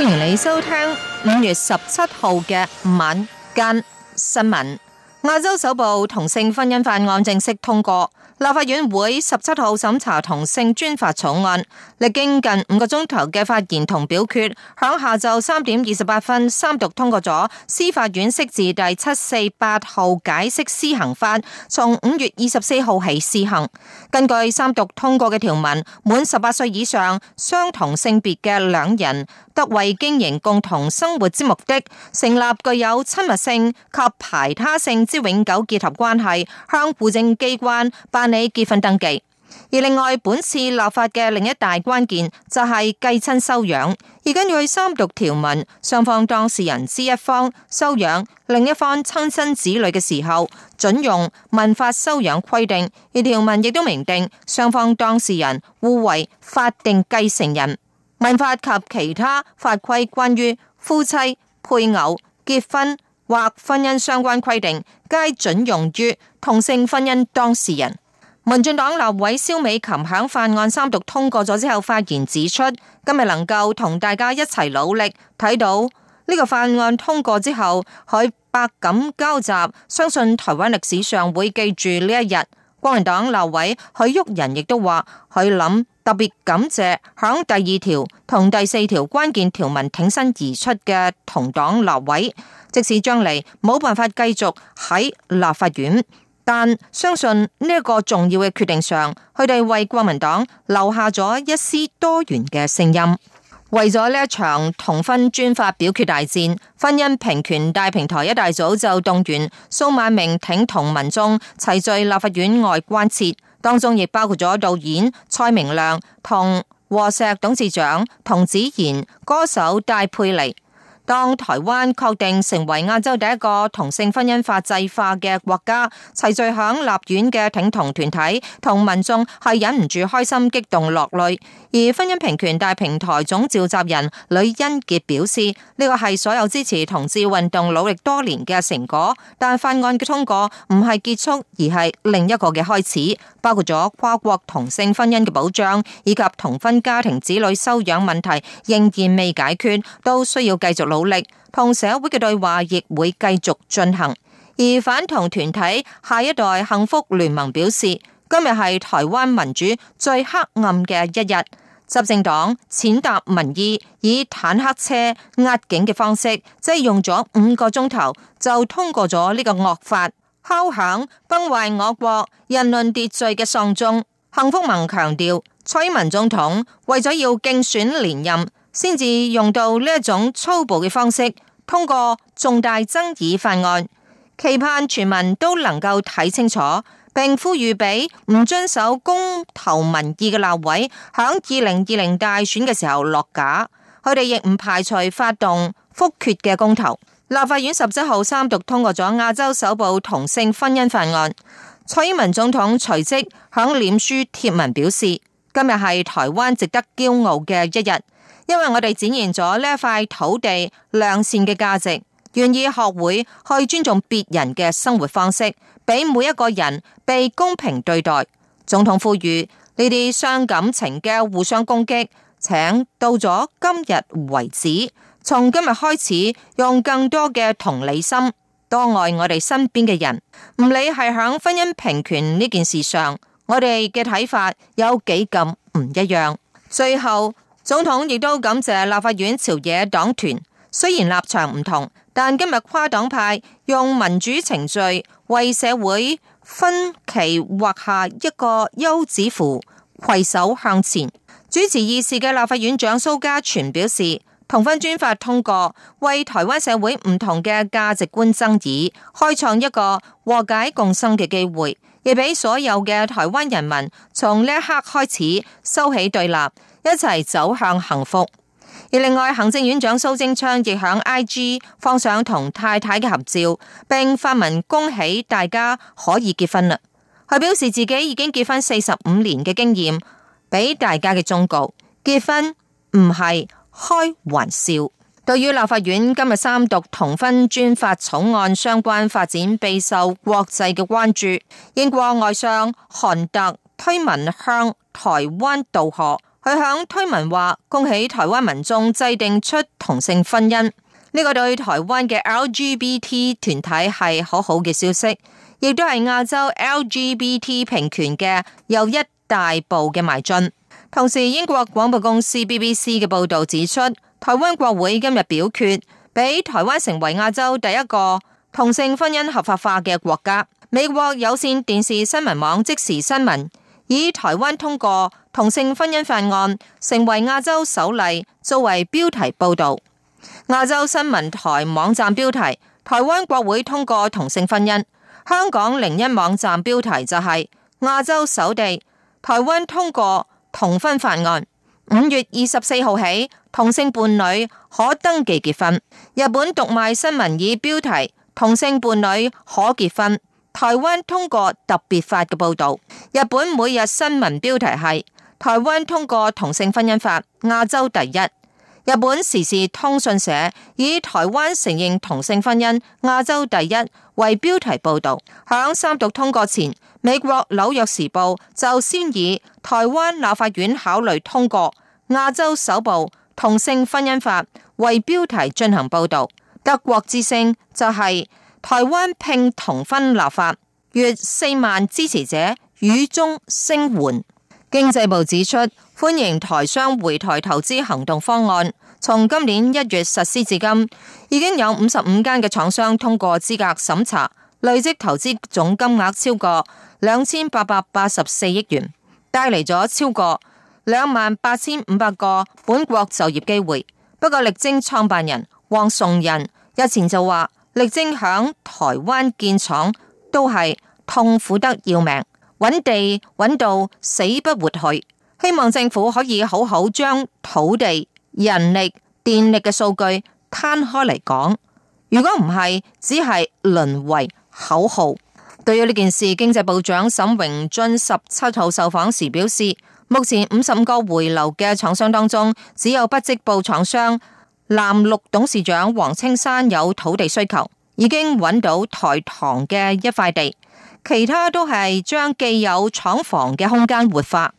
歡迎你收聽五月十七號嘅晚間新聞。亞洲首部同性婚姻法案正式通過。立法院會十七號審查同性專法草案，歷經近五個鐘頭嘅發言同表決，響下晝三點二十八分三讀通過咗司法院釋字第七四八號解釋施行法，從五月二十四號起施行。根據三讀通過嘅條文，滿十八歲以上相同性別嘅兩人，得為經營共同生活之目的，成立具有親密性及排他性之永久結合關係，向戶政機關辦。你結婚登記，而另外本次立法嘅另一大關鍵就係繼親收養，而根據三讀條文，雙方當事人之一方收養另一方親生子女嘅時候，準用民法收養規定，而條文亦都明定雙方當事人互為法定繼承人，民法及其他法規關於夫妻配偶結婚或婚姻相關規定，皆準用於同性婚姻當事人。民進黨立委蕭美琴響法案三讀通過咗之後發言指出，今日能夠同大家一齊努力，睇到呢個法案通過之後，佢百感交集，相信台灣歷史上會記住呢一日。國民黨立委許旭仁亦都話，佢諗特別感謝響第二條同第四條關鍵條文挺身而出嘅同黨立委，即使將嚟冇辦法繼續喺立法院，但相信呢一個重要嘅決定上，佢哋為國民黨留下咗一絲多元嘅聲音。為咗呢一場同婚專法表決大戰，婚姻平權大平台一大早就動員數萬名挺同民眾齊聚立法院外關切，當中亦包括咗導演蔡明亮，同和碩董事長童子賢、歌手戴佩妮。當台灣確定成為亞洲第一個同性婚姻法制化嘅國家，齊聚響立院嘅挺同團體同民眾係忍唔住開心激動落淚。而婚姻平權大平台總召集人呂欣潔表示：呢個係所有支持同志運動努力多年嘅成果，但法案嘅通過唔係結束，而係另一個嘅開始。包括咗跨國同性婚姻嘅保障，以及同婚家庭子女收養問題，仍然未解決，都需要繼續努力。同社會嘅對話亦會繼續進行。而反同團體下一代幸福聯盟表示，今日係台灣民主最黑暗嘅一日。執政黨踐踏民意，以坦克車壓境嘅方式，即係用咗五個鐘頭就通過咗呢個惡法。敲響崩壞我國人倫秩序嘅喪鐘，幸福盟強調，蔡英文總統為咗要競選連任，先至用到呢一種粗暴嘅方式，通過重大爭議法案，期盼全民都能夠睇清楚，並呼籲俾唔遵守公投民意嘅立委，響二零二零大選嘅時候落架，佢哋亦唔排除發動複決嘅公投。立法院十七號三讀通過咗亞洲首部同性婚姻法案，蔡英文總統隨即響臉書貼文表示：今日係台灣值得驕傲嘅一日，因為我哋展現咗呢一塊土地亮線嘅價值，願意學會去尊重別人嘅生活方式，俾每一個人被公平對待。總統呼籲呢啲傷感情嘅互相攻擊，請到咗今日為止。從今日開始，用更多嘅同理心，多愛我哋身邊嘅人。唔理係響婚姻平權呢件事上，我哋嘅睇法有幾咁唔一樣。最後，總統亦都感謝立法院朝野黨團，雖然立場唔同，但今日跨黨派用民主程序為社會分歧劃下一個休止符，攜手向前。主持議事嘅立法院長蘇嘉全表示，同婚專法通過，為台灣社會唔同嘅價值觀爭議開創一個和解共生嘅機會，亦俾所有嘅台灣人民從呢一刻開始收起對立，一齊走向幸福。而另外，行政院長蘇貞昌亦響 IG 放上同太太嘅合照，並發文恭喜大家可以結婚啦。佢表示自己已經結婚四十五年嘅經驗，俾大家嘅忠告：結婚唔係。開玩笑，對於立法院今日三讀同婚專法草案相關發展，備受國際嘅關注。英國外相韓特推文向台灣道賀，佢響推文話：恭喜台灣民眾制定出同性婚姻，呢、這個對台灣嘅 LGBT 團體係好好嘅消息，亦都係亞洲 LGBT 平權嘅又一大步嘅邁進。同時，英國廣播公司 BBC 嘅報道指出，台灣國會今日表決，俾台灣成為亞洲第一個同性婚姻合法化嘅國家。美國有線電視新聞網即時新聞以台灣通過同性婚姻法案成為亞洲首例作為標題報道。亞洲新聞台網站標題：台灣國會通過同性婚姻。香港01網站標題就係亞洲首地台灣通過同婚法案，五月二十四號起，同性伴侶可登記結婚。日本讀賣新聞以標題《同性伴侶可結婚》台灣通過特別法嘅報道。日本每日新聞標題係台灣通過同性婚姻法，亞洲第一。日本時事通訊社以台灣承認同性婚姻，亞洲第一為標題報道。響三讀通過前，美國紐約時報就先以。台灣立法院考慮通過亞洲首部同性婚姻法，為標題進行報道。德國之聲就係台灣拼同婚立法，約四萬支持者雨中聲援。經濟部指出，歡迎台商回台投資行動方案從今年一月實施至今，已經有五十五間嘅廠商通過資格審查，累積投資總金額超過兩千八百八十四億元。帶嚟咗超過兩萬八千五百個本國就業機會。不過力晶創辦人黃崇仁日前就話，力晶響台灣建廠都係痛苦得要命，搵地搵到死不活去。希望政府可以好好將土地、人力、電力嘅數據攤開嚟講，如果唔係，只係淪為口號。對於呢件事，經濟部長沈榮津十七號受訪時表示，目前五十五個回流嘅廠商當中，只有不織布廠商南六董事長黃青山有土地需求，已經揾到台糖嘅一塊地，其他都係將既有廠房嘅空間活化。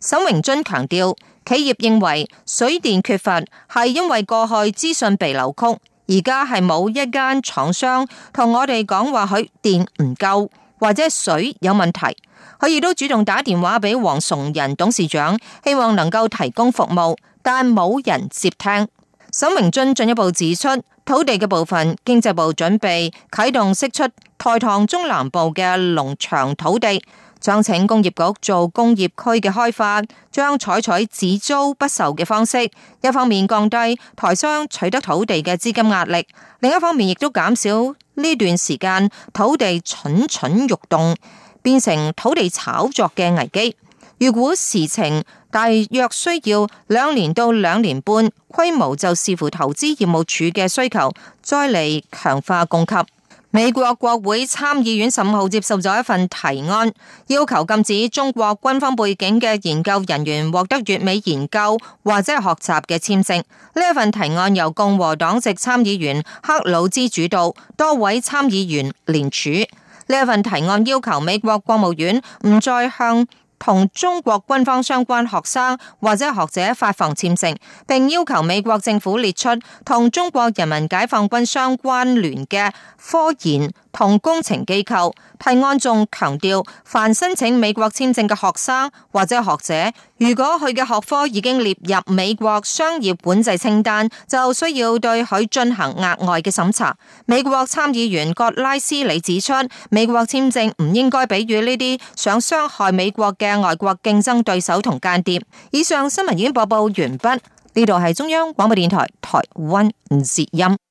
沈榮津強調，企業認為水電缺乏係因為過去資訊被扭曲。而家係冇一間廠商同我哋講話，佢電唔夠或者水有問題。佢亦都主動打電話俾黃崇仁董事長，希望能夠提供服務，但冇人接聽。沈明俊進一步指出，土地嘅部分，經濟部準備啟動釋出台糖中南部嘅農場土地。將請工業局做工業區嘅開發，將採取只租不售嘅方式，一方面降低台商取得土地嘅資金壓力，另一方面亦都減少呢段時間土地蠢蠢欲動，變成土地炒作嘅危機。如果時程大約需要兩年到兩年半，規模就視乎投資業務處嘅需求，再嚟強化供給。美國國會參議院十五號接受咗一份提案，要求禁止中國軍方背景嘅研究人員獲得越美研究或者係學習嘅簽證。呢一份提案由共和黨籍參議員克魯茲主導，多位參議員聯署。呢一份提案要求美國國務院唔再向。同中國軍方相關學生或者學者發放簽證，並要求美國政府列出同中國人民解放軍相關聯嘅科研同工程機構，提案仲強調，凡申請美國簽證嘅學生或者學者，如果佢嘅學科已經列入美國商業管制清單，就需要對佢進行額外嘅審查。美國參議員葛拉斯里指出，美國簽證唔應該俾予呢啲想傷害美國嘅外國競爭對手同間諜。以上新聞已經播報完畢，呢度係中央廣播電台台灣節音。